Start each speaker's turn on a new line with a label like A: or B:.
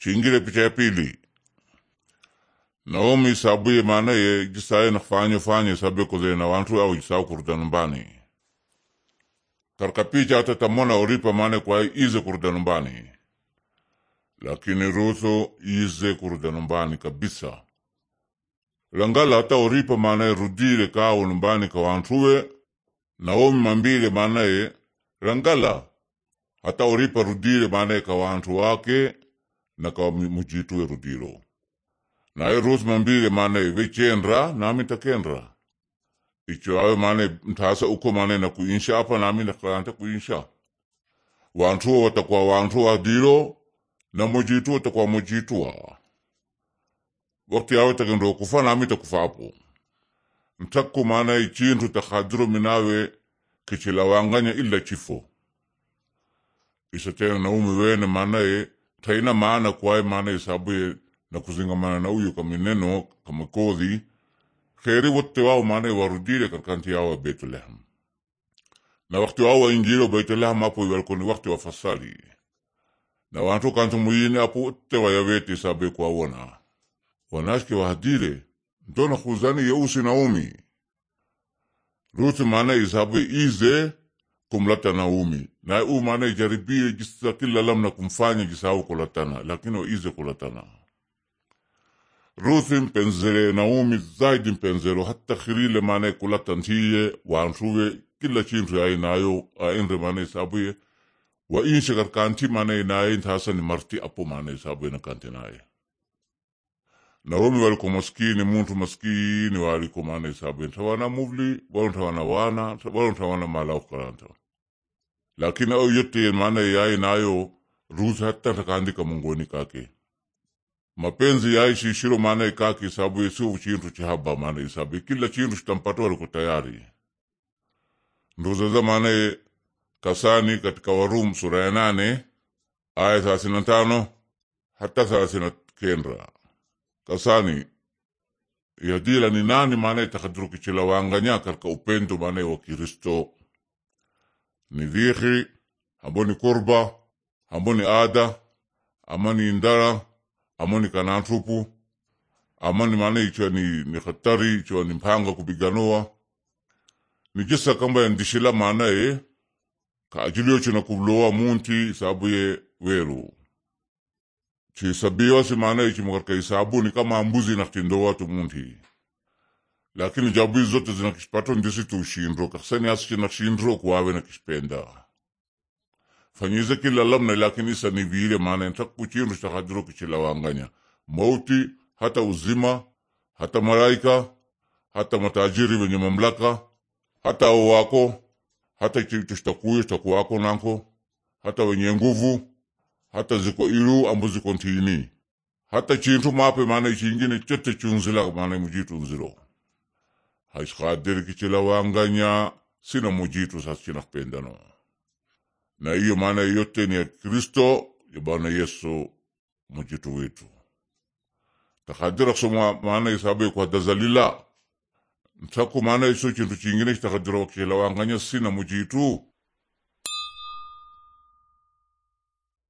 A: Chingile picha ya pili Naomi isabuye maana ye jisaye nakufanye fanye sabe kule na wantu au jisau kuruda numbani karka picha ata tamona oripa maana kwa ize kuruda numbani lakini ruso ize kuruda numbani kabisa langala ata oripa maana ye rudile kao numbani ka wantuwe Naomi mambile maana langala ata oripa rudile maana ye ka wantu wake nakawa mujitu erudilo naye ruth mambile mane wechenra nami takenra icho awe mane mtasa uko mane nakuinsha apa nami nakalanta kuinsha wantuwa watakwa wantuwa dilo na mujitu watakwa mujituwa wakati awe takendo kufa nami takufa apo ntakku mana ichintu takadiro minawe kichilawanganya illa chifo isatena naume wene manaye taina maana kwae maana isabuye na kuzingamana na uyu kamineno kamakodhi kheri wote wao maana warudile karkanti yao Bethlehem na wakati wao wainjilo Bethlehem apo walkoni wakati wa fasali na watu kantu muyine apo wote wayawete isabuye kwawona wanashke wahadile ntona kuzani yeusi na umi ruti maana isabuye ize kumleta Naomi na u maana ijaribie jisa kila lamna kumfanya jisahau kulatana lakini waize kulatana Ruthi mpenzere Naomi zaidi mpenzero hata khirile maana kulatantiye wansuwe kila chintu ainayo aenre maana sabuye wa inshe karkanti maana inaye ni marti apo maana na nakanti naye Naomi waliko maskini muntu maskini waliko maana sabuye ntawana muvli walontawana wana walontawana mala ukaranta lakini au yote maana yai nayo ruzi hata takaandika mungoni kake mapenzi yai shishiro maana ikake isabu isiu chintu chihaba maana isabu kila chintu chitampato aliko tayari nduzaza maana kasani katika Warum sura ya nane aya thelathini na tano hata thelathini na kenda kasani yadila ni nani maana itakadiru kichila wanganya katika upendo maana wa Kristo ni dhikhi ambo ni kurba ambo ni ada ama ni indara ama ni kanantupu ama ni maana ikiwa ni, ni hatari ni mpanga kupiganoa ni jisa kamba yandishila maanaye kaajiliocho na kubloa munti isabu ye weru chisabiwasi maana isabu isabuni kama na nakitindowa tu munti lakini jabu hizi zote zina kishipato ndisi tu tushindro kakisani asi china shindro kuwawe na kishipenda fanyize kila lamna lakini isa ni vile maana ntak kuchindro kichila wanganya mauti hata uzima hata malaika hata matajiri wenye mamlaka hata au wako hata chitu chitakuyo chitakuwako nanko hata wenye nguvu hata ziko ilu ambu ziko ntini hata chintu mape maana ichingine chote chunzila maana mujitunziro haiskadiri kichilawanganya sina mujitu sa chinakpendano na hiyo maana yote ni ya Kristo ya Bwana Yesu mujitu wetu takadirakso maana isabe kwa dazalila msako maana iso chintu chingine kitakadira wakichilawanganya sina mujitu